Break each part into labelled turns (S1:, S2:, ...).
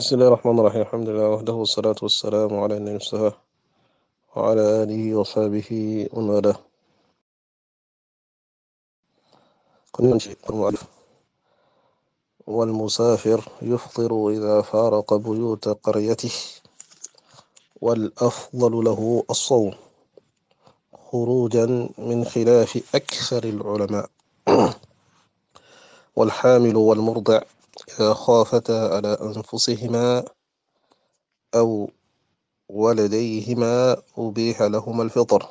S1: bismillahi rahmaani rahiim alhamdulilah wahdahu wassalaatu wassalaamu ala nabi Mustafa wa ala alihi wa sahbihi wa man waalaahu kon ñu ci al-muallif wal musaafir yuftiru idaa faaraqa buyuuta qaryatihi wal afdalu lahu as-sawm xuruujan min xilaafi aksari al-ulamaa wal xaamilu wal murdic إذا خافتا على أنفسهما أو ولديهما أبيح لهما الفطر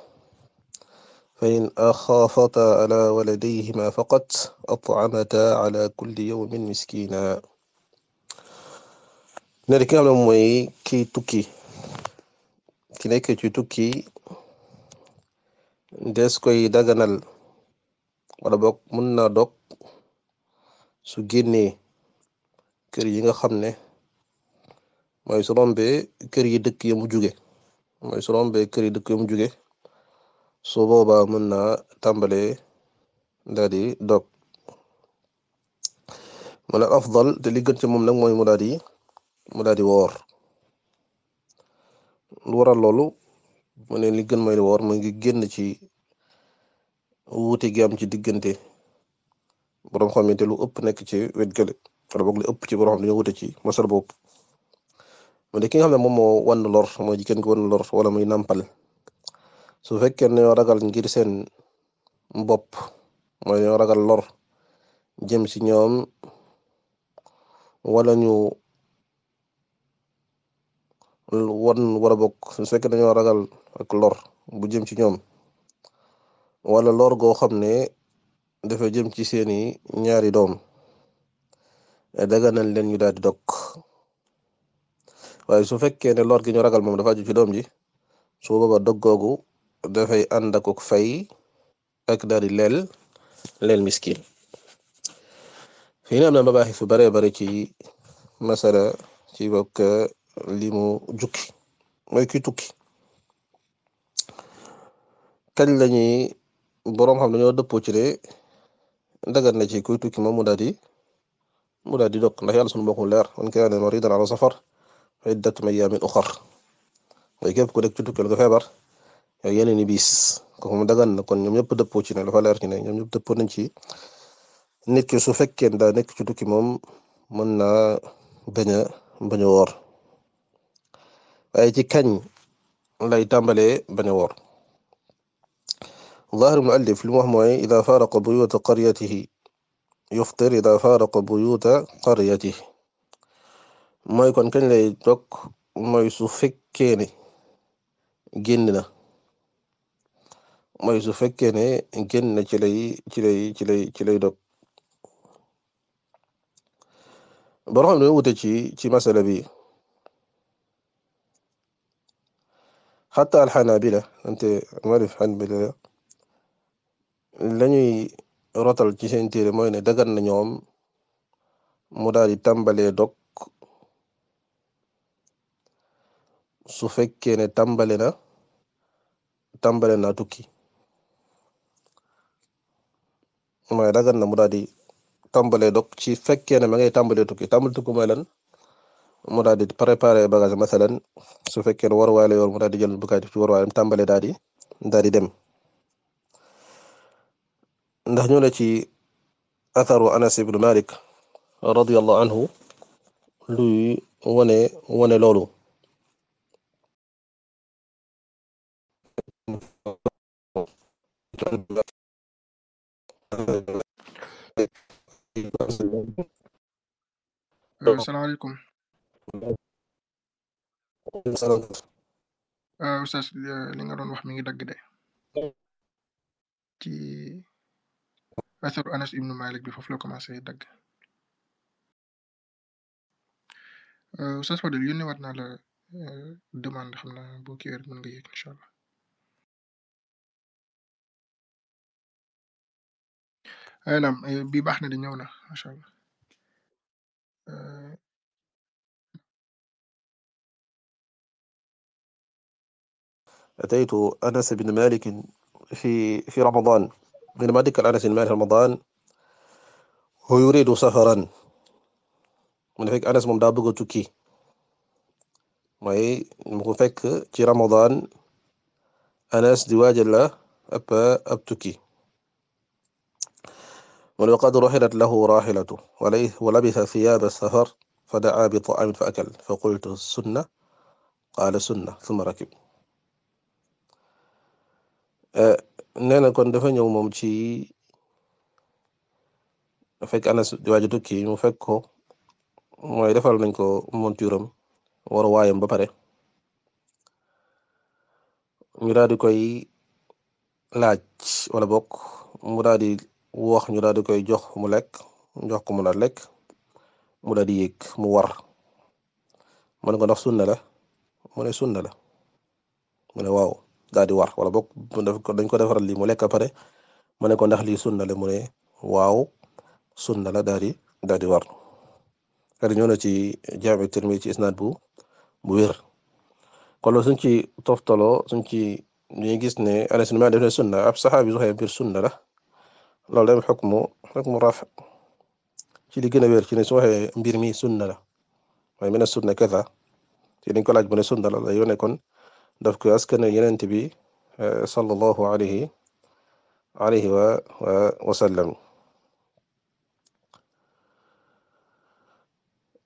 S1: فإن أخافتا على ولديهما فقط أطعمتا على كل يوم مسكينا ne li ki nga xam ne mooy kiy tukki ki nekk ci tukki des koy daganal wala boog mën na dog su génnee kër yi nga xam ne mooy su rombe kër yi dëkk ya mu jóge mooy su kër dëkk ya mu jóge su boobaa mën na tàmbale daal di dog mu ne afdal te li ci moom nag mooy mu daal di mu daal woor lu waral loolu mu ne li gën mooy di woor mu ngi génn ci wuute gi ci diggante boroom xam te lu ëpp nekk ci wet gële wala boog li ëpp ci borom dañoo wute ci masal boobu mu ne ki nga xam ne moom moo wan lor mooy jigéen ko wan lor wala muy nàmpal su fekkee ne ragal ngir seen bopp mooy dañoo ragal lor jëm ci ñoom wala ñu wan wala boog su fekkee dañoo ragal ak lor bu jëm ci ñoom wala lor goo xam ne dafa jëm ci seeni ñaari doom. daganal leen ñu daal di dog waaye su fekkee ne lor gi ñu ragal moom dafa aju ci doom ji su booba dog googu dafay ànd ak fay ak daal di leel leel miskin fi na am na mabaaxi fu bare bare ci masala ci bokk li mu jukki mooy ki tukki kañ lañuy boroom xam dañoo dëppoo ci ne dagan na ci kuy tukki moom mu daal mu daal di dog ndax yàlla sunu mbokku leer man kaana maridan ala safar iddatun min ayaamin uxar mooy képp ku nekk ci tukkal nga feebar yow yeneen i bis kooku mu dagan na kon ñoom ñëpp dëppoo ci ne dafa leer ci ne ñoom ñëpp dëppoo nañ ci nit ki su fekkee daa nekk ci tukki moom mën naa bañ bañ a kañ lay tàmbalee bañ a woor. ظاهر المؤلف li mu wax mooy إذا فارق بيوت قريته yuftir ida faraqa buyuta qaryatihi mooy kon kañ lay dog mooy su fekkee ne génn na mooy su fekkee ne génn na ci lay ci lay ci lay ci lay dog borom xam ne wute ci ci masala bi xata alxanabila ante marif xanbila lañuy rotal ci seen téere mooy ne dagan na ñoom mu daal di tàmbalee dog su fekkee ne tàmbale na tàmbale na tukki mooy dagan na mu daal di tàmbalee dog ci fekkee ne ma ngay tambale tukki tàmbale tukki mooy lan mu daal di préparer bagage masalan su fekkee ne waruwaay la yor mu daal di jël bagaaj ci waruwaayam tàmbale daal di daal di dem. ndax ñu la ci atharu anas ibn malik radiyallahu anhu luy loolu euh, euh, mi ngi dagg atharu anas ibnu malik bi foofu la commencé dagg euh, Oustaz Fadel yónni waat naa la euh, demande xam naa boo kii heure allah aynaam euh, bi baax na di ñëw na macha allah أتيت أنس بن مالك في في رمضان عندما ذكر أنس المال رمضان هو يريد سفرا mu ne fekk Anas moom daa bëgg a tukki mooy mu ko fekk ci Ramadan Anas di waajal la ab ab tukki mu ne waqad ruhilat lahu rahilatu wa labitha thiyab as-safar fa da'a bi ta'amin fa akal fa qultu sunna qala sunna thumma rakib Euh, nee na kon dafa ñëw moom ci fekk Anas di tukki mu fekk ko mooy defal nañ ko monture am waru waayam ba pare ñu daal koy laaj wala bokk mu daal di ñu daal di koy jox mu lekk njox ko mu daal lekk mu daal di yéeg mu war mu ne ko ndax sunna la mu ne sunna la mu waaw. daal di war wala boog dañ ko defaral lii mu a pare mu ne ko ndax lii sunna la mu ne waaw sunna la daal di daal di war xëy ñëw ci jaami Tirmidhi ci isnaad bu bu wér kon loolu suñ ci toftaloo suñ ci ñuy gis ne Anas ibn Maalik def ne sunna ab saxaabi su xëy mbir sunna la loolu dem xukmu xukmu raf ci li gën a wér ci ne su waxee mbir mi sunna la mooy mën sun na kaza ci dañ ko laaj bu ne sunna la la yone kon daf ko askane yenent bi eh, sallallahu alayhi alayhi wa wasallam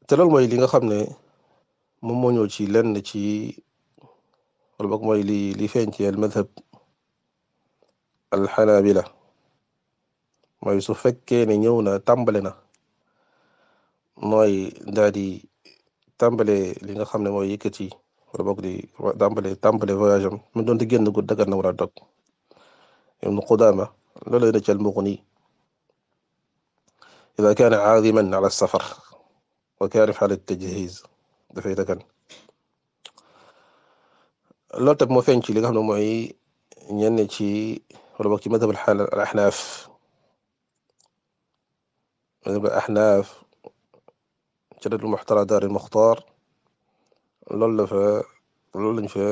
S1: te loolu li nga xam ne moom moo ñëw ci lenn ci wala boog mooy li li feeñ ci al madhab al xanaabila mooy su fekkee ne ñëw na tàmbale na mooy daal tàmbale li nga xam ne mooy yëkkati wala boog di tàmbale tàmbale voyage am mu doon di génn gudd dagan na war a dog Ibnu Qudaama loolu la ci al-Mughni ida kaana aadiman ala safar wa kaarif ala tajhiiz dafay dagan loolu tam moo feeñ ci li nga xam ne mooy ñenn ci wala boog ci madhab al ahnaaf madhab al ahnaaf ci dal muxtara daar al muxtaar loolu la loolu lañ fa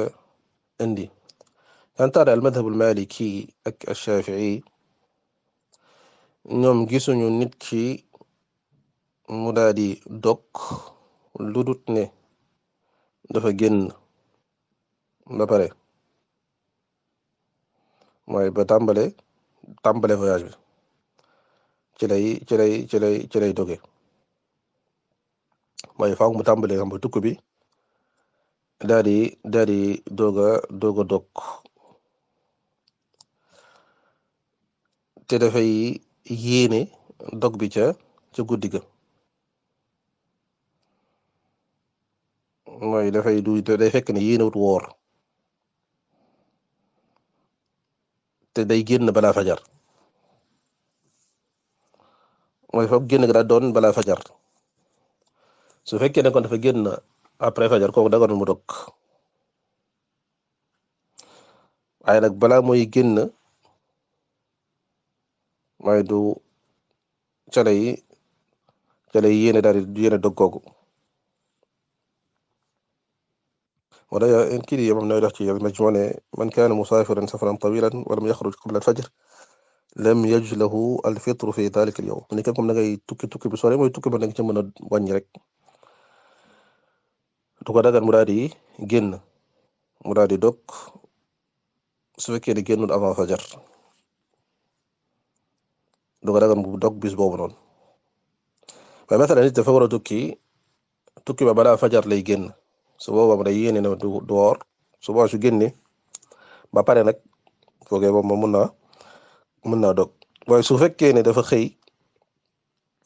S1: indi kantaar al madhab al maliki ak al shafii ñoom gisuñu nit ci mu daal di dog lu dut ne dafa génn ba pare mooy ba tàmbale tàmbale voyage ci lay ci lay ci lay doge mooy faaw mu tàmbale xam tukki bi daal di daal di doog a dog te dafay yéene dog bi ca ca guddi ga mooy dafay du day fekk ne yéenewut woor te day génn balaa fajar mooy foog génn ga daa doon balaa fajar su fekkee ne kon dafa génn après fajar kooku daganul mu dog waaye nag balaa mooy génn mooy du cale yi cale yi yéene daal di yéene dog googu wala kii di moom nooy dox ci yàlla moo ne man kaana musaafiran safaran tawilan walam yaxruj qabla alfajr lam yajuz lahu alfitru fi dalika alyawm mu ne képp comme da ngay tukki tukki bi sore mooy tukki ba nekk ci mën a wàññi rek. du ko dagan mu daal génn mu daal di dog su fekkee ne génnul avant fajar du ko dog bis boobu noonu mais mathalan nit dafa war a tukki ba balaa fajar lay génn su boobaa day yéene ne du du woor su boobaa su génne ba pare nag foogee moom mun naa mun naa dog waaye su fekkee ne dafa xëy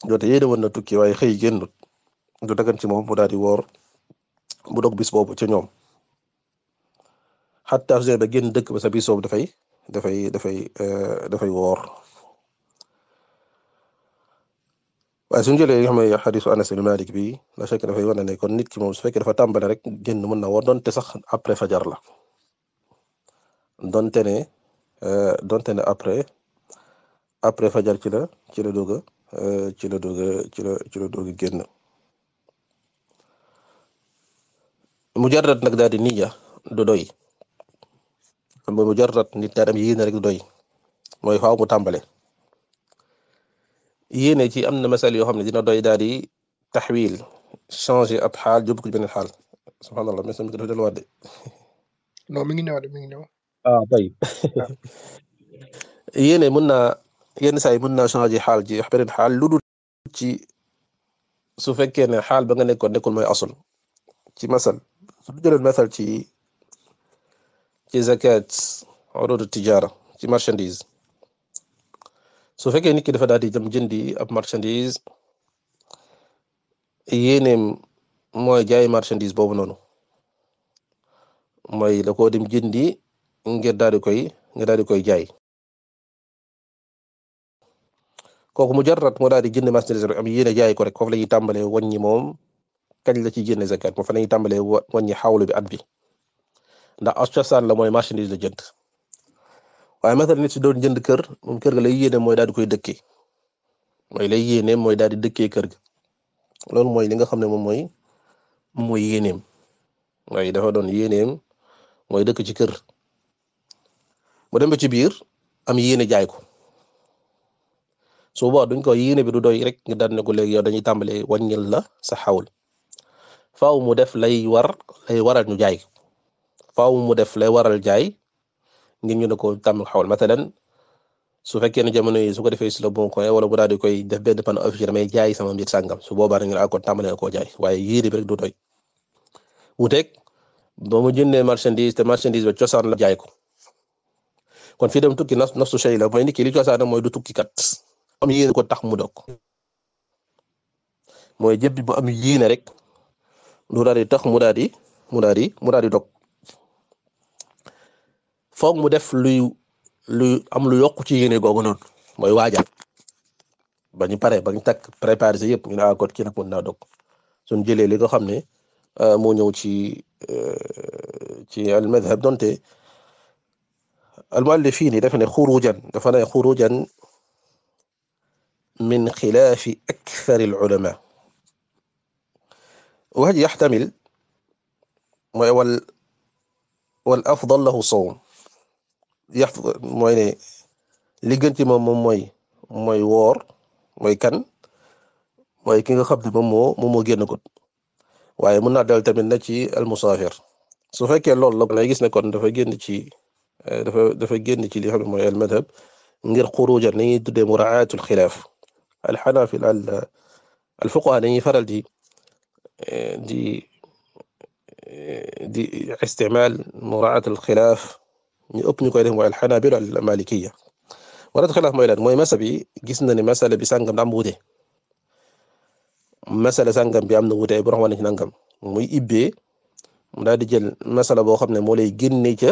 S1: doote yéene woon na tukki waaye xëy génnut du dagan ci mu daal woor. mu dog bis boobu ci ñoom xataa su ba génn dëkk ba sa bis boobu dafay dafay dafay euh, dafay woor waaye suñu jëlee nga xam ne xadisu Anas bin Malik bi la fekk dafay wane ne kon nit ki moom su fekkee dafa tàmbale rek génn mën na woor donte sax après fajar la donte euh, donte ne après après fajar ci la ci la doog euh, ci la doog a ci la ci la doog a mujarrad nag daal di niyya ah, du doy kon mooy mujarrad nit daal doy mooy faaw mu tàmbale yéene ci am na masal yoo xam ne dina doy daal di taxwil changer ab xaal jubbu ko ci beneen xaal subhanallah mais sama micro dafa de. non mi ngi ñëw de mi ngi ñëw. ah tayib yéene mën naa yenn saa mën naa changer xaal ci beneen xaal lu dul ci su fekkee ne xaal ba nga nekkoon nekkul mooy asul ci masal. su jëloon masal ci ci zakat urudu tijaara ci marchandise su fekkee nit ki dafa daal di dem jëndi ab marchandise yéeneem mooy jaay marchandise boobu noonu mooy da koo dem jëndi ngir daal di koy ngir daal di koy jaay kooku mujarrad mu daal di jënd marchandise am yéene jaay ko rek foofu la ñuy tàmbalee wàññi moom. kañ la ci génne zakat moom fa nañu tàmbalee wàññi xawlu bi at bi ndax as cosaan la mooy marchandise la jënd waaye matal si doon jënd kër moom kër ga lay yéene mooy daal koy dëkkee mooy lay yéene mooy daal di dëkkee kër ga loolu mooy li nga xam ne moom mooy moom mooy yéeneem waaye dafa doon yéeneem mooy dëkk ci kër mu dem ba ci biir am yéene jaay ko su boobaa duñ ko yéene bi du doy rek nga daan ne ko léegi yow dañuy tàmbalee wàññil la sa xawul faaw mu def lay war lay waral ñu jaay faaw mu def lay waral jaay ngir ñu ne ko tàmm xawal matalan su fekkee ne jamono yi su ko defee si la bon wala bu daal di koy def benn sama mbir sàngam su boobaa da nga ko tàmbalee koo jaay waaye yéeri bi rek du doy wuuteeg ba mu marchandise te marchandise ba cosaan la jaay ko kon fii dem tukki nas nasu shay la mooy nit ki li mooy du tukki kat am yéene ko tax mu dog mooy jëpp bu rek. lu daal tax mu daal di mu daal di mu daal di dog foog mu def luy luy am lu ci yéene googu noonu mooy waajal ba ñu pare ba ñu takk préparé si yëpp ñu ne ah kon kii nag mën naa dog jëlee li nga xam ne euh, moo ñëw ci euh, ci al madhab donte al muallif fii nii dafa ne xurujan dafa ne xurujan min xilaafi akthar al ulama waa ji yaxtamil mooy wal wal afdal lahu sawm yax mooy ne li gën ci moom moom mooy mooy woor mooy kan mooy ki nga xam ne moom moo moom moo génn gut waaye mën naa dal tamit na ci almusaafir su fekkee loolu la lay gis ne kon dafa génn ci eh, dafa dafa génn ci li xam ne mooy almadhab ngir xurujan ni ñuy tuddee muraatul xilaaf alxanaafil al alfuqaha dañuy faral di di di istimaal muraat al xilaaf ñu ëpp ñu koy def mooy alxanabila al malikiya muraat xilaaf mooy lan mooy masa bi gis na ne masala bi sàngam da am wuute masala bi am na wute bu raxma nangam muy ibbee mu daal di jël boo xam ne moo lay génne ca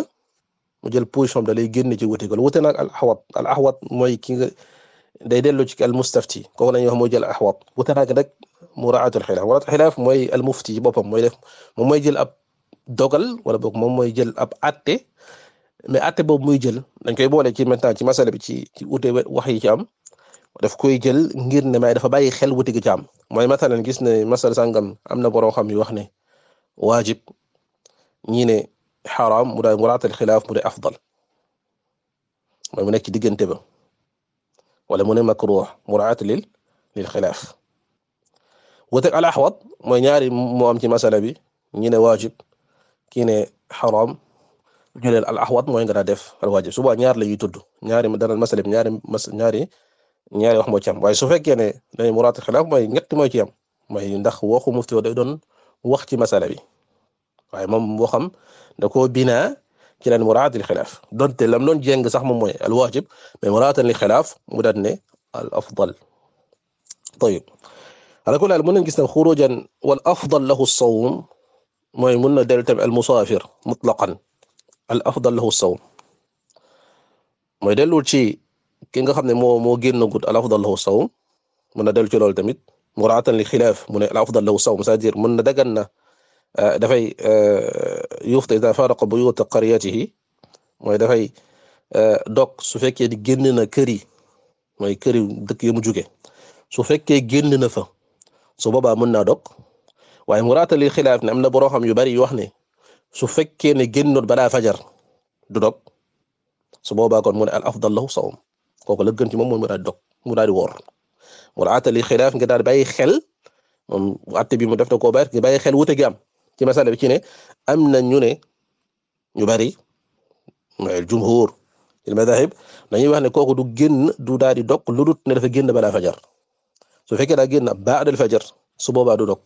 S1: mu jël position bi da lay génne ci wuute gal wuute nag al mooy ki nga day dellu ci al mustafti kooku la ñuy wax moo jël al axwat nag rek muraatul xilaaf muraatul xilaaf mooy al mufti boppam mooy def moom mooy jël ab dogal wala boog moom mooy jël ab atte mais atte boobu muy jël dañ koy boole ci maintenant ci masala bi ci ci ute wax yi ci am daf koy jël ngir ne may dafa bàyyi xel wuti gi ci am mooy masalan gis ne masala sàngam am na borom xam wax ne waajib ñii ne xaraam mu daal muraatul xilaaf mu de afdal mooy mu nekk ci diggante ba wala mu ne makruux muraat lil lil xilaaf wuuteeg al ahwat mooy ñaari moo am ci masala bi ñi ne waajib kii ne xaram ñu ne al ahwat mooy nga def al waajib suba ñaar la ñuy tudd ñaari dana masala bi ñaari mas ñaari ñaari wax moo ci am su fekkee ne dañuy muraat xilaaf mooy ñett mooy ci am ndax waxu mufti day doon wax ci masala bi waaye moom waxam da koo binaa ci lan muraat al xilaaf donte lam doon jéng sax moom mooy al waajib mais muraat al xilaaf mu daan ne al afdal tayib ala kulli haal mën nañ gis ne xurujan wal afdal lahu sawm mooy mën na dellu tamit al musaafir mutlaqan al afdal lahu sawm mooy delluwul ci ki nga xam ne moo moo génnagut al afdal lahu sawm mën na dellu ci loolu tamit muraatan li xilaaf mu ne al afdal lahu sawm c'est-à-dire mën na dagan na dafay yufta ida faraqa buyuta qaryatihi mooy dafay dog su fekkee di génn na kër yi mooy kër yi dëkk yi mu jóge su fekkee génn na fa su boobaa mën naa dog waaye mu raatali xilaaf ne am na boroo xam yu bari yu wax ne su fekkee ne génnoon balaa fajar du dog su boobaa kon mu ne al afdal lahu sawm kooku la gën ci moom mooy mu daal di mu daal di woor mu raatali xilaaf nga daal di bàyyi xel moom atte bi mu def na koo bàyyi bàyyi xel wute gi am ci masala bi ci ne am na ñu ne ñu bari mooy al jumhur al na dañuy wax ne kooku du génn du daal di dog lu dut ne dafa génn balaa fajar. su fekkee daa génn ba'da al-fajr su boobaa du dog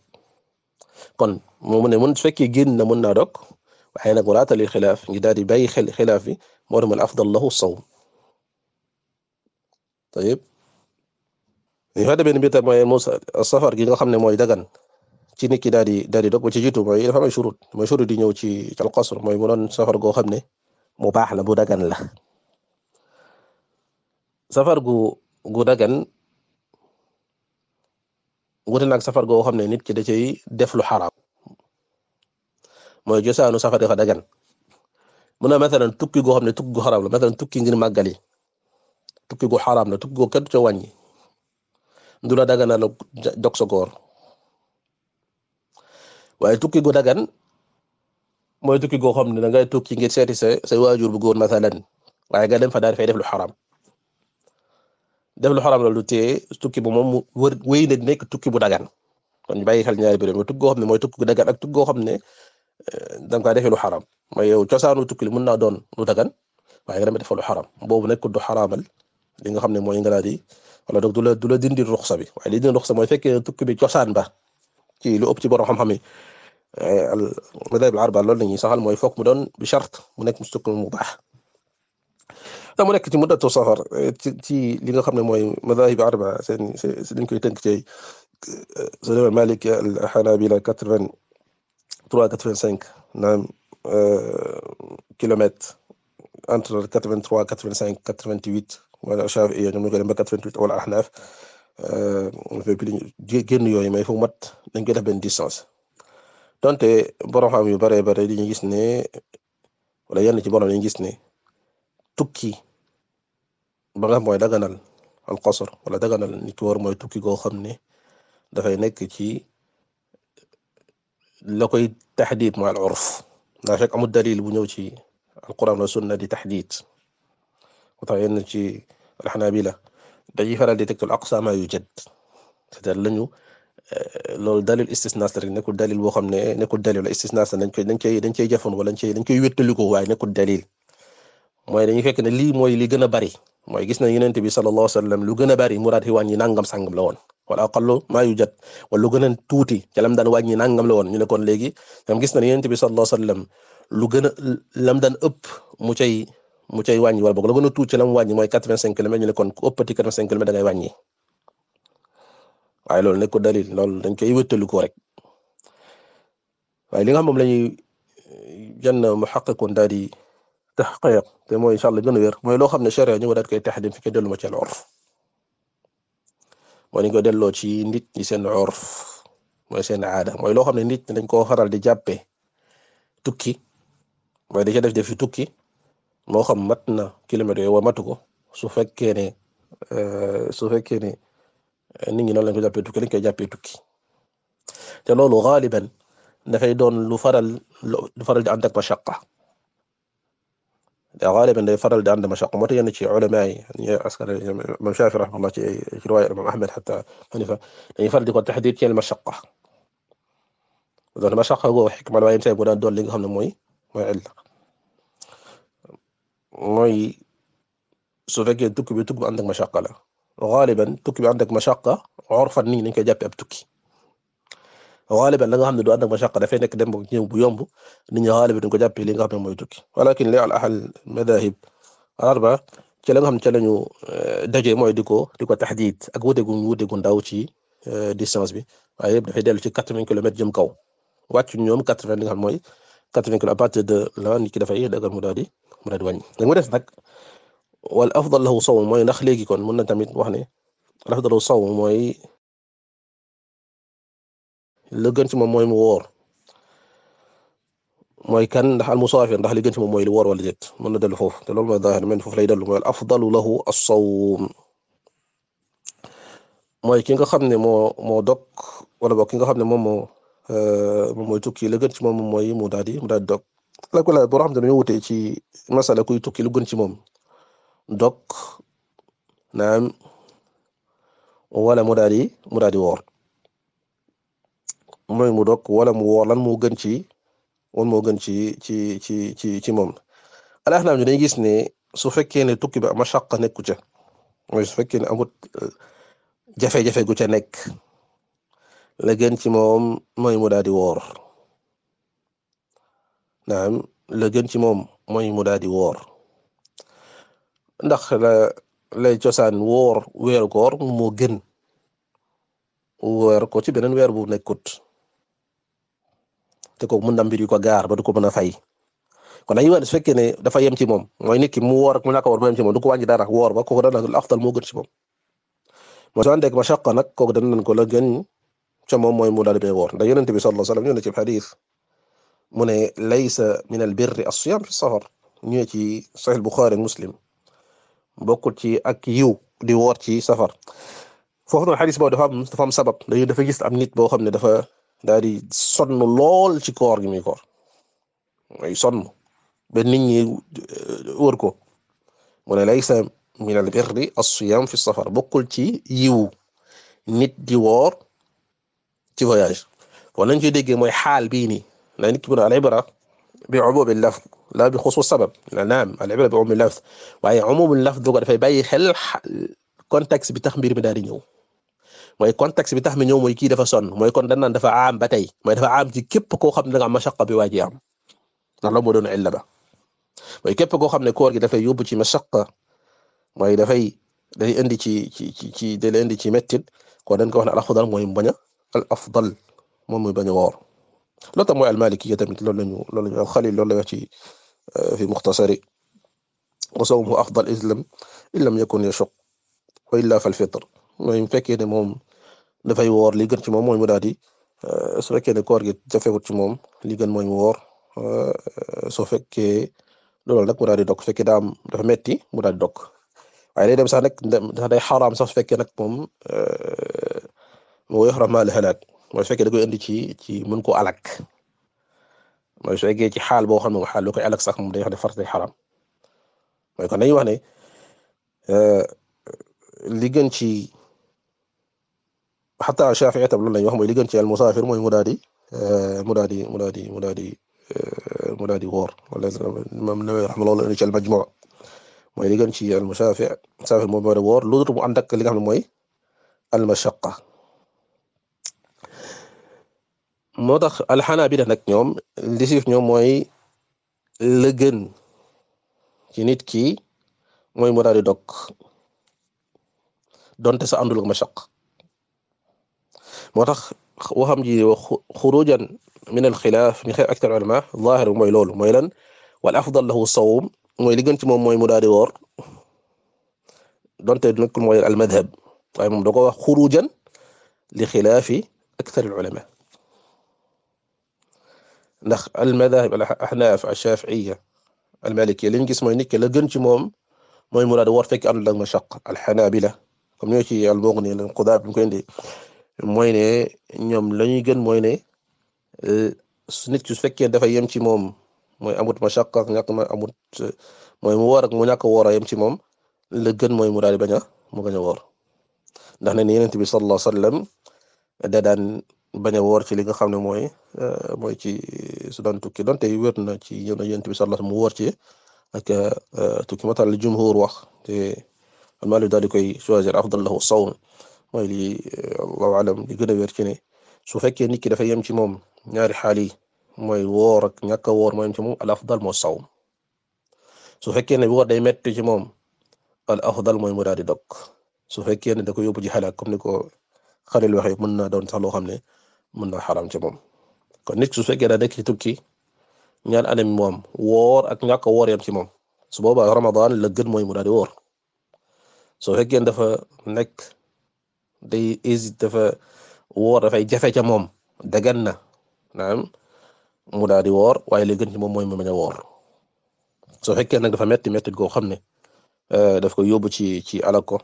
S1: kon mu ne mun su fekkee génn na mun na dog waaye nag walaata li xilaaf ngi daal di bàyyi xel xilaaf yi moo tax al-afdal lahu as-sawm tayib li fa demee ni bi tam mooy safar gi nga xam ne mooy dagan ci nit ki daal di daal di dog ba ci jiitu mooy shurut mooy shurut di ñëw ci al-qasr mooy mu doon safar goo xam ne mu baax la bu dagan la safar gu dagan wute nag safar goo xam ne nit ki da cay def lu xaraam mooy josaanu safar dafa dagan mu ne masalan tukki goo xam ne tukki gu xaraam la masalan tukki ngir màggali tukki gu xaraam la tukki goo kenn du dog sa góor waaye tukki gu dagan mooy tukki goo xam ne da ngay tukki ngir seeti sa say waajur bu góor masalan waaye dem fa daal dafay def lu xaraam def lu xaram la lu téye tukki bu moom mu wër wéy na nekk tukki bu dagan kon bàyyi xel ñaari biir mooy tukki goo ne mooy tukki bu dagan ak tukki goo xam ne eh, da nga koy defee lu xaram mooy yow cosaanu tukki mën naa doon lu dagan waaye nga dem defal lu xaram boobu nekkul du xaramal li nga xam ne mooy nga daal di wala donc du la du la dindi ruxsa bi waaye li dindi ruxsa mooy fekkee tukki bi cosaan ba ci lu ëpp ci borom xam-xam yi eh, al madhab al arba loolu la ñuy saxal mooy fokk mu doon bi charte mu nekk mu tukki mu baax ah mu nekk ci muddatu safar eh, ci li nga xam ne mooy madahib arbaa seen dañ koy tënk ci Imam eh, Malik al Hanabila quatre vingt trois quatre vingt cinq naam eh, kilomètres entre quatre vingt trois quatre vingt cinq quatre vingt huit wala Shafi'i ñoom ñu koy dem quatre vingt huit wala Ahnaf génn yooyu may fu mat dañ koy def benn distance donte borom xam yu bare bare dañuy gis ne yenn ci borom dañuy gis ne tukki. ba nga mooy daganal alqasr wala daganal nit ki war mooy tukki goo xam ne dafay nekk ci la koy taxdiid mooy al urf ndax rek amul dalil bu ñëw ci alquran wa sunna di taxdiid moo tax yenn ci alxanabila dañuy faral di tegtal aqsa ma yujad c'est-à-dire lañu euh, loolu dalil istisnaas la rek nekkul dalil boo xam ne nekkul dalil la istisnaas la dañ koy dañ koy dañ koy jafoon wala dañ koy dañ koy wéttaliko waaye nekkul dalil mooy dañuy fekk ne lii mooy li gën a bari mooy gis na yonent bi sallallahu alayhi wasallam lu gën a bari mu daat di wàññi nangam sangam la woon wala aqallu maa yujad wala lu gën a tuuti ca lam daan wàññi nangam la woon ñu ne kon léegi tam gis na yonent bi sallallahu alayhi wasallam lu gën a lam daan ëpp mu cay mu cay wàññi wala boog lu gën a tuuti la mu wàññi mooy quatre-vingt-cinq kilomètres ñu ne kon ku ëppati quatre-vingt-cinq kilomètres da ngay waaye loolu nekk ko dalil loolu dañ koy wéttalu ko rek li nga xam moom la ñuy jenn muhaqqiqun daal tahqiq te mooy incha allah gën a wér mooy loo xam ne sharia ñu ko daat koy tahdim fi ko dellu ma ci al mooy ñu ko delloo ci nit ñi seen urf mooy seen aada mooy loo xam ne nit ñi dañ koo faral di jàppe tukki mooy da ca def defi tukki moo xam mat na kilomètres yooyu matu ko su fekkee ne euh, su fekkee ne euh, nit ñi noonu lañ ko jàppee tukki koy jàppee tukki te loolu xaaliban dafay doon lu faral lu faral di ànd ak mashaqa gaaliban day faral di ànd mashaq moo tax yenn ci ulama yi ñooy askan imam Shafi rahimahullah ci ci riwaaya imam Ahmad hatta Hanifa dañuy faral di ko taxdiid ci mashaqa doon mashaqa googu xikma waaye yenn saa yi daan doon li nga xam ne mooy mooy illa mooy su fekkee tukki bi tukki bu ànd ak mashaqa la gaaliban tukki bi ànd ak mashaqa urfan nit ñi dañ koy jàppee ab tukki xaaliban la nga xam ne du ànd ak mashaqa dafay nekk dem ñëw bu yomb nit ñi xaaliban dañ ko jàppee li nga xam ne mooy tukki walakin li al ahal madahib arba ci la nga xam ne ci lañu daje mooy di ko di ko taxdiid ak wuteegu wuteegu ndaw ci distance bi waaye yëpp dafay dellu ci quatre-vingts kilomètres jëm kaw wàccu ñoom quatre-vingts li nga xam mooy quatre-vingts kilomètres à partir de là nit ki dafay dagal mu daal di mu daal di wàññi da mu def nag wal afdal lahu sawm mooy ndax léegi kon mën na tamit wax ne al afdalu sawm mooy la gën ci moom mooy mu woor mooy kan ndax al musaafir ndax li gën ci moom mooy lu woor wala déet mën na dellu foofu te loolu mooy daahir men foofu lay dellu mooy al afdalu lahu as-sawm mooy ki nga xam ne moo moo dog wala boog ki nga xam ne moom moo euh, moom mooy tukki la gën ci moom mooy mu daal di mu daal di dog la ko la boo xam ne dañoo wutee ci masala kuy tukki lu gën ci moom dog naam wala mu daal di mu daal di woor mooy mu dog wala mu woor lan moo gën ci wan moo gën ci ci ci ci ci moom alaxnaam ñu gis ne su fekkee ne tukki bi ama shaq nekku ca mooy su fekkee ne amut euh, jafe-jafe gu ca nekk la gën ci moom mooy mu daal di woor naam gën ci moom mooy mu woor ndax la lay cosaan woor weeru koor moo gën weer ko ci beneen weer bu nekkut te kooku mën na mbir yu ko gaar ba du ko mën a fay kon dañuy wax ne su fekkee ne dafa yem ci moom mooy nit ki mu woor ak mu ñàkk a woor yem ci moom ko wàññi dara woor ba moo gën ci moom mooy soo àndeeg kooku dana nan ko la gën moom mooy mu daal di woor ndax yonent bi sallallahu alayhi wa sallam ne ci xadis mu ne laysa min al birri as-siyam fi safar ñu ci sahih Bukhari Muslim bokkul ci ak yiw di woor ci safar foofu noonu xadis boobu dafa am dafa am dafa gis am nit boo xam ne dafa daal di sonn lool ci koor gi muy koor mooy sonn ba nit ñi euh, wër ko mu ne laysa min al birri as-siyam fi safar bokkul ci yiwu nit di woor ci voyage kon lañ ciy déggee mooy xaal bii nii la nit ki mën al ibra bi umum al lafz la bi xusus sabab la naam al ibra bi umum al lafz waaye umum al lafz dugg dafay bàyyi xel contexte bi tax mbir mi daal di ñëw mooy contexte bi tax mi ñëw mooy kii dafa son mooy kon dañ dafa aam ba tey mooy dafa aam ci képp ko xam ne da nga am mashaqa bi waa ji moo doon illa ba képp koo xam ne koor gi dafay yóbbu ci mashaqa mooy dafay day indi ci ci ci ci day indi ci mettit ko dañ ko wax ne al afdal mooy bañ a al moom mooy bañ a woor loolu tam mooy al malikiya tamit loolu lañu loolu lañu al xalil loolu la ci euh, fi muxtasari wa sawmuhu afdal in lam in lam yakun yashuq wa illa fal fitr mooy fekkee de moom dafay woor li gën ci moom mooy mu daal di euh, su fekkee ne koor gi jafewut ci moom li gën mooy woor euh, soo fekkee loolu nag daal di dokk su daa dafa metti mu daal di dokk waaye day sax nag day xaraam sax su fekkee nag moom euh, mooy xaraam al halak mooy su fekkee da koy indi ci ci mën ko alak mooy su ci xaal boo xam ne xaal lu koy alak sax moom day wax far day xaraam mooy kon dañuy wax ne gën ci. xataa Shaafi'i tam loolu la ñuy wax mooy li gën ci al musaafir mooy euh, mu daal di mu daal euh, woor mooy li ci woor lu dul mu ànd ak li nga xam ne mooy al mashaqqa moo tax alxanaabila nag ñoom li ñoom mooy la ci nit ki mooy mu daal di dog donte sa àndul ak mashaqqa moo tax waxam ji wa xurujan min al xilaaf min xeer aktar ulama zaahir mooy loolu mooy lan wal afdal lahu sawm mooy li gën ci moom mooy mu daal di woor donte nekkul mooy al madhab waaye moom da ko wax xurujan li xilaafi aktar al ulama ndax al madahib al ahnaaf al shafiiya al malikiya li ñu gis mooy nit ki la gën ci moom mooy mu daal di woor fekk àndul ak mashaq al xanaabila comme ñoo ci al mughni al qudaab bi ñu koy indi mooy ne ñoom la ñuy gën mooy ne euh, su nit ki su fekkee dafa yem ci moom mooy amut mashaqqa ak ñàkk ma amut euh, mooy mu woor ak mu ñàkk a woor a yem ci moom la gën mooy mu daal di bañ a mu bañ a woor ndax ne ni Yonent bi sallallahu alayhi wa sallam da daan bañ a woor ci li nga xam ne mooy euh, ci su daan tukki donte wér na ci Yonent bi sallallahu alayhi wa sallam mu woor ci ak tukki matal li jumhur wax te Maalik daal di koy choisir afdal lahu sawm mooy lii euh, allahu alam di gën a wér ci su fekkee nit ki dafa yem ci moom ñaari xaal yi mooy woor ak ñàkk woor mooy ci moom al afdal moo sawm su fekkee ne woor day metti ci moom al afdal mooy mu daal di dog su fekkee ne da ko yóbbu ci xalaat comme ni ko xalil waxee mën na doon sax loo xam ne mën na xaram ci moom kon nit su fekkee daa nekk ci tukki ñaan anam moom woor ak ñàkk woor yam ci moom su boobaa ramadan la gën mooy mu daal di woor su fekkee dafa nekk. day hésite dafa woor dafay jafe ca moom dagan na naam mu daal di woor waaye li gën ci moom mooy mu bañ a woor soo fekkee nag dafa metti metti goo xam ne euh, daf ko yóbbu ci ci alal ko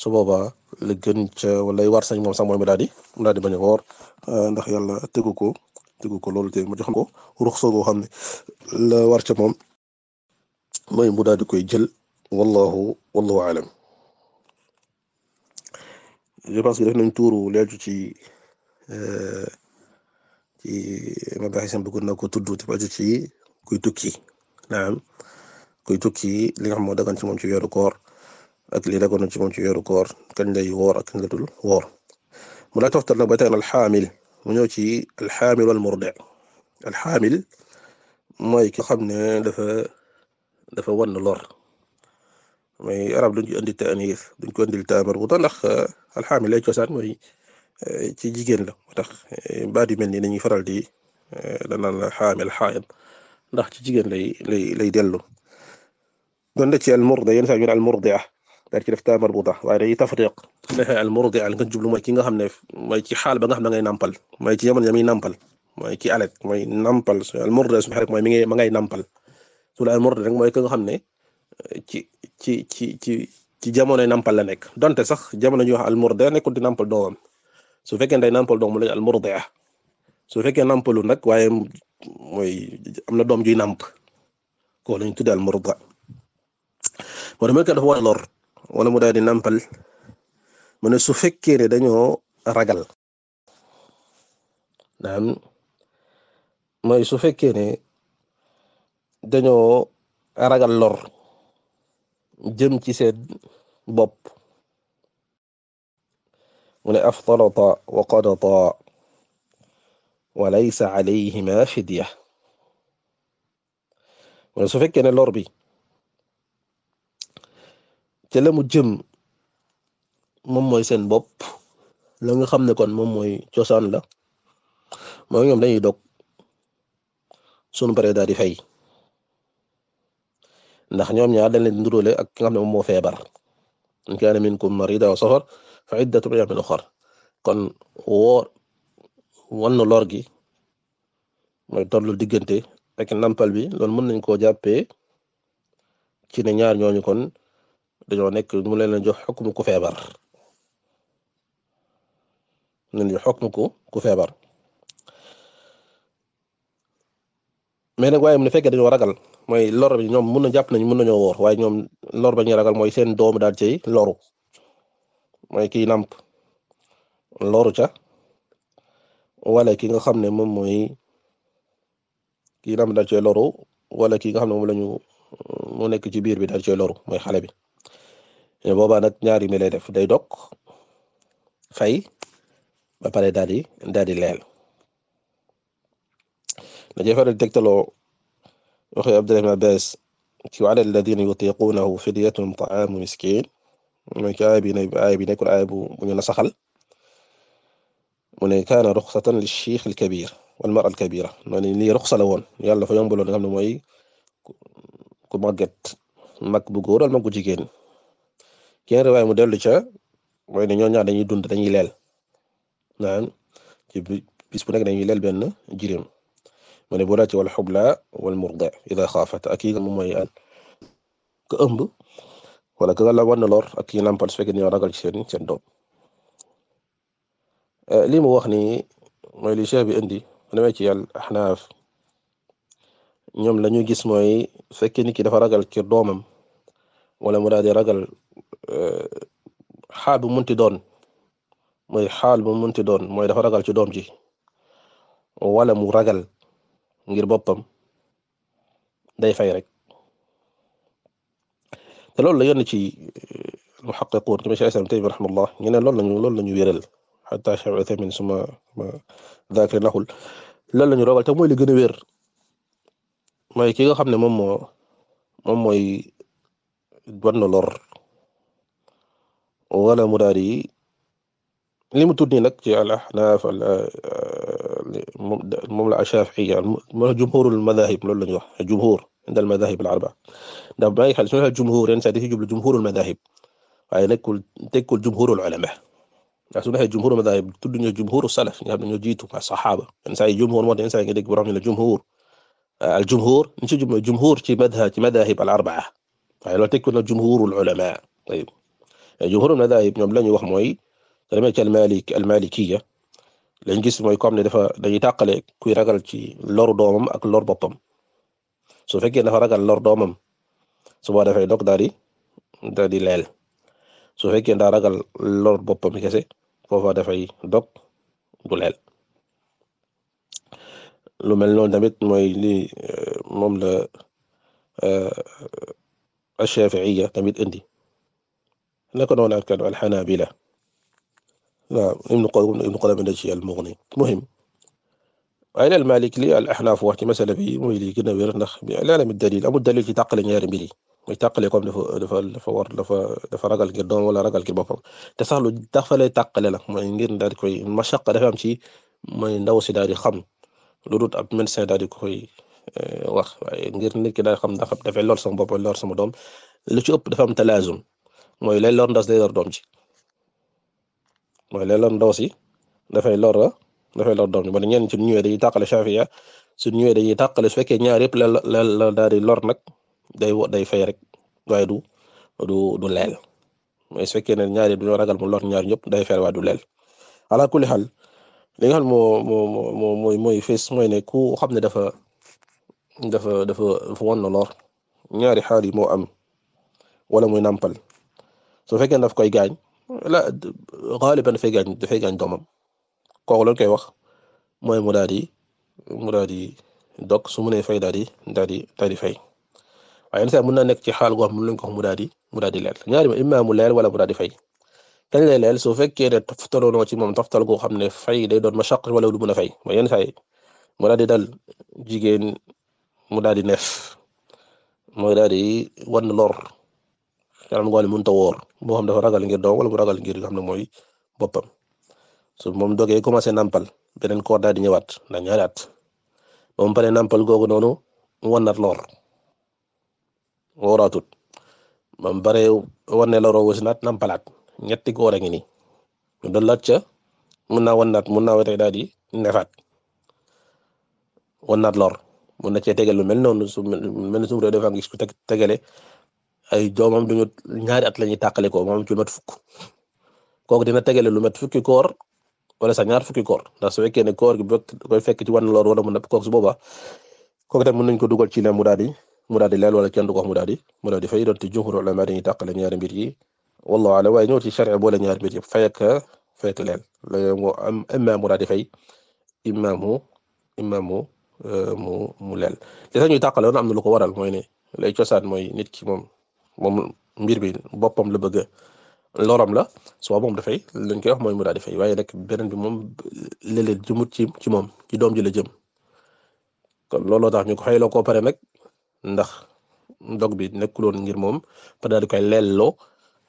S1: su boobaa li gën ca wala war sañ moom sax mooy mu daal di mu daal di bañ woor euh, ndax yàlla tegu ko tegu ko loolu te mu jox ko ruxsa goo xam ne la war ca moom mooy mu daal di koy jël wallahu wallahu alam je pense que def nañ tuuru leeju ci euh, ci ma baax si bëggoon naa ko tudd te ba ci kuy tukki naam kuy tukki li nga xam moo dagan ci moom ci weeru koor ak li dagan ci moom ci weeru koor kañ lay woor ak kañ la dul woor mu la toftal nag ba tey alxaamil mu ñëw ci alxaamil wal murdi alxaamil mooy ki xam ne dafa won wan lor. mooy arab duñ ci andi ta'anis duñ ko andil taa marbuta ndax euh, alxaami lay cosaan mooy euh, ci jigéen la moo tax euh, baat yu mel nii dañuy faral di danaan la xaamil xaayid ndax ci jigéen lay lay lay dellu doon da ci almurda yenn saa ñu ne almurdia daal ci def taa marbuta waaye day tafriq nexe almurdia nga xam ne mooy ci xaal ba nga xam ne ngay nampal mooy ci yamoon ya nampal mooy ki alet mooy nampal su ma rek mooy mi ma ngay nampal su la almurdia rek mooy ki nga xam ne ci ci ci ci ci jamonoy nampal la nekk donte sax jamono ñuy wax di nampal doomam su fekkee day nampal doom la almurdia su fekkee nampalu nag waaye am na doom juy namp ko lañu tuddee almurda wala mooy dafa war lor wala mu daal di nampal mu ne su dañoo ragal mooy su fekkee ne dañoo ragal lor. jëm ci seen bopp mu ne aftarata wa qadata wa laysa alayhima fidya mu ne su fekkee ne lor bi te la mu jëm moom mooy seen bop la nga xam ne kon moom cosaan la mooy ñoom dañuy dog sunu bare daal di fay ndax ñoom ñaar dañ leen nduróole ak ki nga xam ne moo feebar in kaana minkum marida wa safar fa iddatun min ayaamin ukhar kon woor wan na lor gi mooy tollu diggante ak nampal bi loolu mën nañ koo jàppee ci ne ñaar ñooñu kon dañoo nekk mu leen la jox xukmu ku feebar leen jox xukmu ku feebar mais nag waaye mu ne fekkee dañoo ragal mooy lor bi ñoom mun a jàpp nañ mun nañoo woor waaye ñoom lor ba ñuy ragal mooy seen doom daal ci loru mooy kiy nàmp loru ca wala ki nga xam ne moom mooy kii nàmp daal ci loru wala ki nga xam ne moom lañu mu nekk ci biir bi daal ci loru mooy xale bi boobaa nag ñaari mi lay def day dog fay ba pare daal di daal leel na jëfandikoo tegtaloo. waxee Abdullah ibn Abbas ci wa ala alladhina yutiqunahu fidyatun ta'amu miskin mooy ci aay bi ne aay bi nekkul aay bu bu ñu la saxal mu ne kaana ruxsatan li sheikh al kabir wal mar'a al kabira noonu lii ruxsa la woon yàlla dafa yombaloon nga xam ne mooy ku màgget mag bu góor wala mag bu jigéen kenn riwaay mu dellu ca mooy ne ñoo ñaar dañuy dund dañuy leel naan ci bis bu nekk dañuy leel benn jirim ma ne boo daa ci wal xubla wal murda ida xaafat ak yi moom mooy an wala ka la war na lor ak yi nàmpal su fekkee dañoo ragal ci seen seen doom eh, lii mu wax ni mooy li cheikh bi indi demee ci al ahnaaf ñoom la ñu gis mooy fekkee ni ki dafa ragal ci doomam wala mu daal di ragal eh, xaal bu doon mooy xaal bu munti doon mooy dafa ragal ci doom ji wala mu ragal ngir boppam day fay rek te loolu la yenn ci eh, muxaqiquun ci Cheikh Islam Taymiya rahimahullah ñu ne loolu lañu loolu la ñu wéral xataa Cheikh Uthaymeen suma ma daakari naxul loolu la ñu rogal te mooy li gën a wér mooy ki nga xam ne moom moo moom mooy wan na lor li mu tudd nii nag ci al axnaaf euh, moom la ashaafiya mooy jumhurul madahib loolu la ñuy wax jumhur inda al madahib al arbaa ndax bàyyi xel su ñu waxee jumhur yenn saa yi ci jublu jumhurul madahib waaye nekkul tekkul jumhurul ulama ndax su ñu waxee jumhurul madahib tudd ñu jumhurus salaf ñi nga xam ne ñoo jiitu waa saxaaba yenn saa yi jumhur moo tax yenn saa yi nga dégg borom ñu ne jumhur al jumhur ñu ci jublu jumhur ci madhab ci madahib al arbaa waaye loolu tekkul na jumhurul ulama tayib jumhurul madahib ñoom la ñuy wax mooy te demee ci almalik almalikiya lañ gis mooy comme ne dafa dañuy tàqale kuy ragal ci loru doomam ak lor boppam su fekkee dafa ragal lor doomam su boobaa dafay dog daal di di leel su fekkee daa ragal lor boppam kese foofa dafay dog du leel lu mel noonu tamit mooy li moom la ash-shafi'iyya tamit indi naka noonu ak alxanabila waaw ibnu ibnu Qudama da ci al-Mughni muhim waaye daal Maalik li al-Ahnaaf wax ci masala bi muy li gën a wér ndax bi laalami dalil amul dalil ci tàqale ñaari mbir yi muy tàqale comme dafa dafa dafa war dafa dafa ragal ngir doom wala ragal ngir boppam te sax lu dafa lay tàqale la mooy ngir daal di koy mashaqa dafa am ci mooy ndaw si daal di xam lu dul ab médecin daal di koy eh, wax waaye ngir nit ki daal xam ndax dafay lor sama bopp lor sama doom lu ci ëpp dafa am talaazum mooy lay lor ndaw si lay lor doom ci mooy léeg-léeg ndaw si dafay loor dafay lor doom ji ba ñenn suñu ñëwee dañuy tàqale Shafiya suñu ñëwee dañuy tàqale su fekkee ñaar yëpp la la la daal di lor nag day day fay rek waaye du du du leel mooy fekkee ne ñaar yëpp dañoo ragal mu lor ñaar ñëpp day fay waaye du leel ala kulli xal li nga moo moo mooy mooy fees mooy ne ku xam ne dafa dafa dafa dafa wan ñaari xaal yi moo am wala muy nàmpal su fekkee daf koy gaañ. la xaaliban dafay gaañ dafay gaañ doomam kooku lañ koy wax mooy mu daal di mu daal di dog su mu nee fay daal di daal di di fay waaye mun na nekk ci xaal goo xam ne lañ ko wax mu daal di mu daal di leel ñaari ma imma mu leel wala mu daal di fay kañ lay leel su fekkee ne toftaloo ci moom toftal goo xam ne fay day ma mashaq wala lu mun a fay mooy yenn saa yi mu daal di dal jigéen mu daal neef mooy daal di wan lor. kanam ngoon mënut a woor moo xam dafa ragal ngir doom wala mu ragal ngir nga xam ne mooy boppam su moom dogee commencé nampal beneen koor daal di ñëwaat ndax ñaari at ba mu paree nampal googu noonu mu wannat lor wooraatut ba mu paree wanne loroo ñetti koor a ngi nii ñu doon laaj ca mun naa wannaat mun naa wetee daal mun na cee tegal lu mel noonu su mel ni su mu doon defee gis ay doomam duñu ñaari at la ñuy tàqale ko moom ci lu mat fukk kooku dina tegale lu mat fukki koor wala sax ñaar fukki koor ndax su fekkee ne koor gi bokk koy fekk ci wan loor wala mu nepp kooku su boobaa mën nañ ko dugal ci ne mu daal di mu daal leel wala kenn du ko wax mu daal di mu daal di fay doon te jumhur ulama dañuy tàqale ñaari mbir yi wallahu ala waaye ñëw ci charia boole ñaari mbir yëpp fayek fayek leel la mu am imam mu daal di fay imam mu imam mu euh, mu mu leel li tax ñuy tàqale am na lu ko waral mooy ne lay cosaan mooy nit ki moom moom mbir bi boppam la bëgg loram la suba moom dafay lañ koy wax mooy mu daal di waaye rek beneen bi moom léeg-léeg jëmut ci ci moom ci doom ji la jëm kon looloo tax ñu ko xëyloo ko pare nag ndax dog bi kuloon ngir moom ba daal di koy leelloo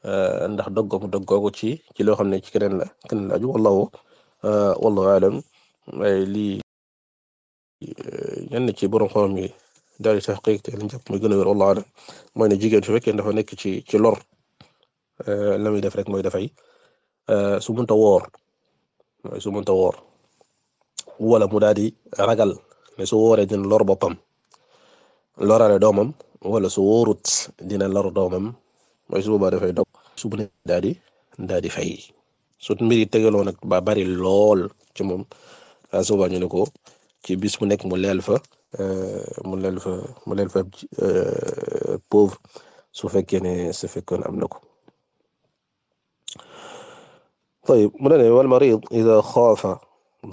S1: euh, ndax dog googu dog ci ci loo xam ne ci keneen la keneen la aju wallahu euh, wallahu alam waaye lii euh, ñenn ci borom xoom yi daal di taxqiq te liñ jàpp mooy gën a wér wallahu alam mooy ne jigéen su fekkee dafa nekk ci ci lor la muy def rek mooy dafay su munta woor mooy su munta woor wala mu daal di ragal ne su wooree dina lor boppam lorale doomam wala su wóorut dina lor doomam mooy su boobaa dafay dog su bu ne daal di di fay su mbir yi tegaloo nag ba bari lool ci moom su boobaa ñu ne ko ci bis bu nekk mu leel fa Euh, mu leen fa mu leen fa euh, pauvre su fekkee ne su fekkoon am na ko tayib mu ne wal marid ida xaafa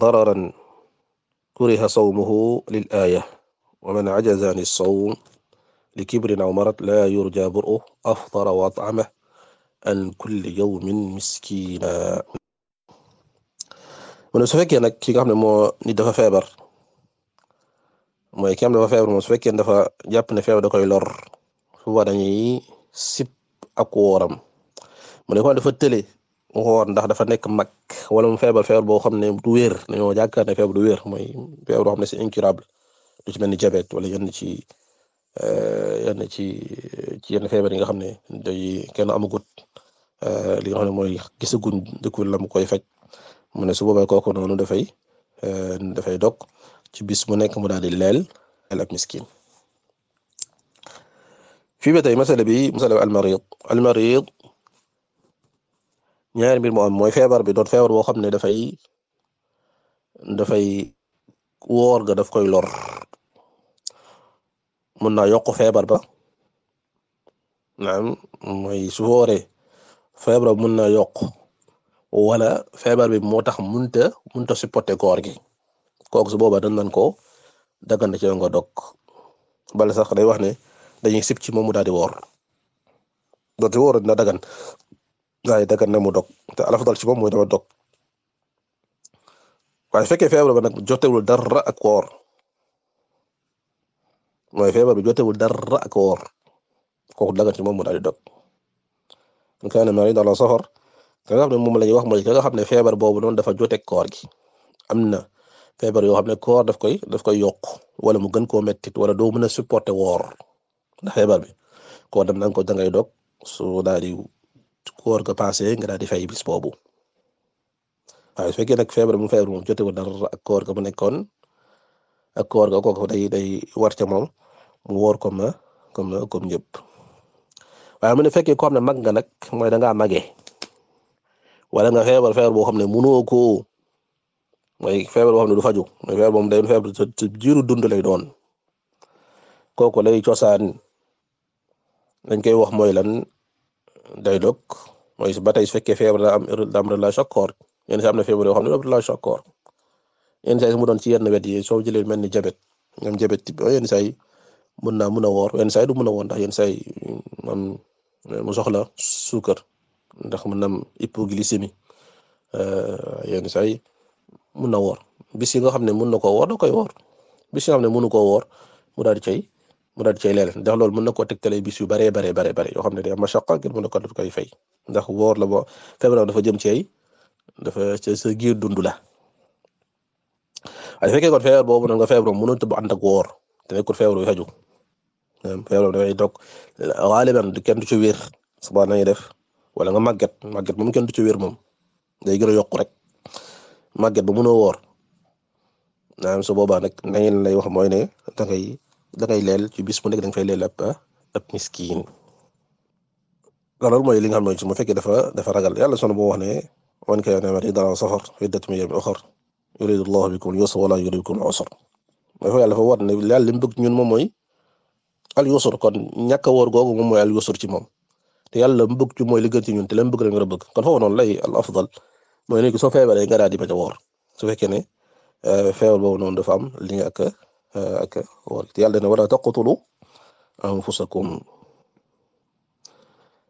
S1: dararan kuriha sawmuhu lil aaya wa man ajaza an sawm li kibrin aw marat la yurja bur'u afdara wa at'ama an kulli yawmin miskina mu ne su fekkee nag ki nga xam ne moo nit dafa feebar mooy kenn am dafa feebar moom su fekkee dafa jàpp ne feebar da koy lor su boobaa dañuy sip ak wooram mu ne ko dafa tële woor ndax dafa nekk mag wala mu feebar feebar boo xam ne du wér dañoo jàkkaar ne feebar du wér mooy feebar boo xam ne c'est lu ci mel ni diabète wala yenn ci euh, yenn ci ci yenn feebar yi nga xam ne day kenn amagut euh, li nga xam ne mooy gisaguñ dëkk la koy faj mu ne su boobaa kooku noonu dafay euh, dafay dog ci bis mu nekk mu daal di leel leel miskin fii ba tey masala bi masala almarid almarid ñaari mbir moo am mooy feebar bi doon feebar boo xam ne dafay dafay woor ga daf koy lor mun naa yokk feebar ba naam mooy su wooree feebar ba mun naa yokk wala feebar bi moo tax munta munta supporter koor gi kooku su boobaa dañ naan ko daggan na ci nga dog bala sax day wax ne dañuy sib ci moom mu daal di woor dootul woor dina daggan waaye daggan na mu dog te alafdal ci moom mooy dama dog waaye fekkee feebar ba nag jotewul dara ak woor mooy feebar bi jotewul dara ak woor kooku daggan ci moom mu daadi di dog in kaana mariidan aw alaa ka ne moom la ñuy wax mooy ka nga xam ne feebar boobu noonu dafa joteeg koor gi am na. feebar yoo xam ne koor daf koy daf koy yokk wala mu gën koo mettit wala doo mën a supporter woor ndax feebar bi koor dem na nga ko dangay dog su daal di koor ga passé nga daal di fay bis boobu waaye su fekkee feebar mu feebar moom jotewul dara ak koor ga mu nekkoon ak koor ga day day war ca moom mu woor comme na comme na waaye mu ne fekkee ko xam ne mag nga nag mooy da ngaa màggee wala nga feebar feebar boo xam ne mënoo ko mooy feebar boo xam ne du faju mooy feebar moom day feebar ci dund lay doon kooku lay cosaan dañ koy wax mooy lan day dog mooy ba tey su fekkee feebar am daa am relâche ak koor yenn na xam ne dafa relâche ak mu doon ci yenn wet yi soo jëlee mel ni jabet ñoom jabet yenn saa yi mun naa mun a woor yenn saa yi du mun a woor ndax yenn saa yi mu soxla suukar ndax mun na am hypoglycémie euh, yenn saa mun na woor bis yi nga xam ne mun na koo woor koy woor bis ne munu koo woor mu daal di mu daal di cay ndax loolu mën na koo teg tegtalee bis yu bare bare baree bare yoo xam ne day am na ko daf koy fay ndax woor la boo feebaram dafa jëm ci ay dafa sa giir dund la waaye fekkee kon feebar boobu noonu nga feebaram mënut a ànd ak woor te nekkul feebar bi faju feebaram dafay dog xaaliban kenn du ci wér subaa nañu def wala nga màgget màgget moom kenn du ci wér moom day gën a yokku rek. màgget ba mënoo woor naam su boobaa nag na ngeen lay wax mooy ne dangay dangay leel ci bis bu nekk danga fay leel ab ab miskiin loolu mooy li nga xam ne bu fekkee dafa dafa ragal yàlla sunu boo wax ne man kaana mariidan aw safar iddatun min ayyaamin ukhar yuriidu llaahu bikum al-yusra wa laa yuriidu bikum al-'usra dafa yàlla dafa war ne yàlla li mu bëgg ñun moom mooy al-yusr kon ñàkk a woor googu mooy al-yusr ci moom te yàlla mu bëgg ci mooy li gën ci ñun te la mu bëgg la bëgg kon foofu noonu lay al afdal mooy léegi soo feebaree nga daal di bañ a woor su fekkee ne euh, feebar boobu noonu dafa am li nga ak euh, ak woor yàlla ne wala taqtulu anfusakum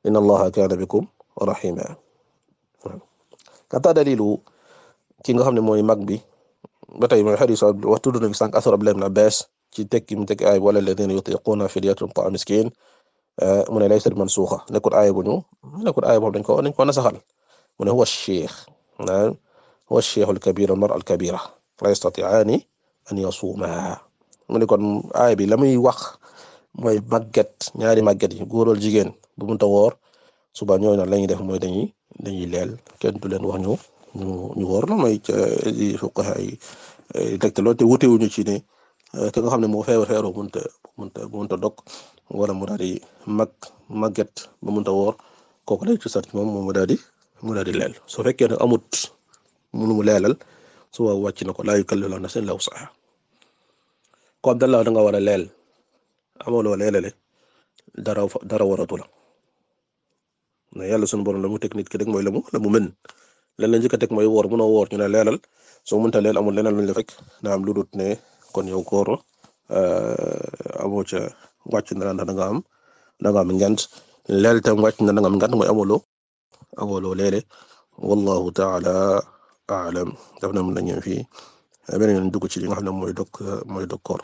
S1: inna allaha kaana bikum rahima kata dalilu ki nga xam ne mooy mag bi ba tey mooy xarit wax tudd na fi sànq asar Abdullah ibn Abbas ci tekki mu tekki ay wala alladhina yutiquna fidyatun ta'am miskin euh, mu ne laysa mansuuxa nekkul aaya bu ñu nekkul aaya boobu dañ ko dañ ko nasaxal mu ne huwa sheikh والشيخ الكبير المرأة الكبيرة لا يستطيعان أن يصومها mu ni kon aay bi la muy wax mooy màgget ñaari màgget yi góor wala jigéen bu munta woor suba ñooy nag la def mooy dañuy dañuy leel kenn du leen wax ñu ñu woor la may li fuqaha yi dëgte loolu te wuute wuñu ci ne ki nga xam ne moo feebar feebar munta munta munta dog wala mu daal di mag màgget bu munta woor kooku lay ci sart moom moom mu daal mu daal di leel su fekkee ne amut munu mu leelal su waa wàcc na ko laa yukallifu na seen wus'ahaa ko am dalla da nga war a leel amoo loo leelale dara dara waratu la mais yàlla sunu borom la mu teg nit ki rek mooy la mu la mu mën lan la njëkk a teg mooy woor munoo woor ñu ne leelal soo mënta leel amul leneen luñ la fekk na am lu dut ne kon yow koor euh, amoo ca wàcc na la ndax da nga am da nga am ngant leel wàcc na da nga am ngant amoo loolee de wallahu taala aalam daf na mën nañu fi beneen yoon dugg ci li nga xam ne mooy dog mooy dog koor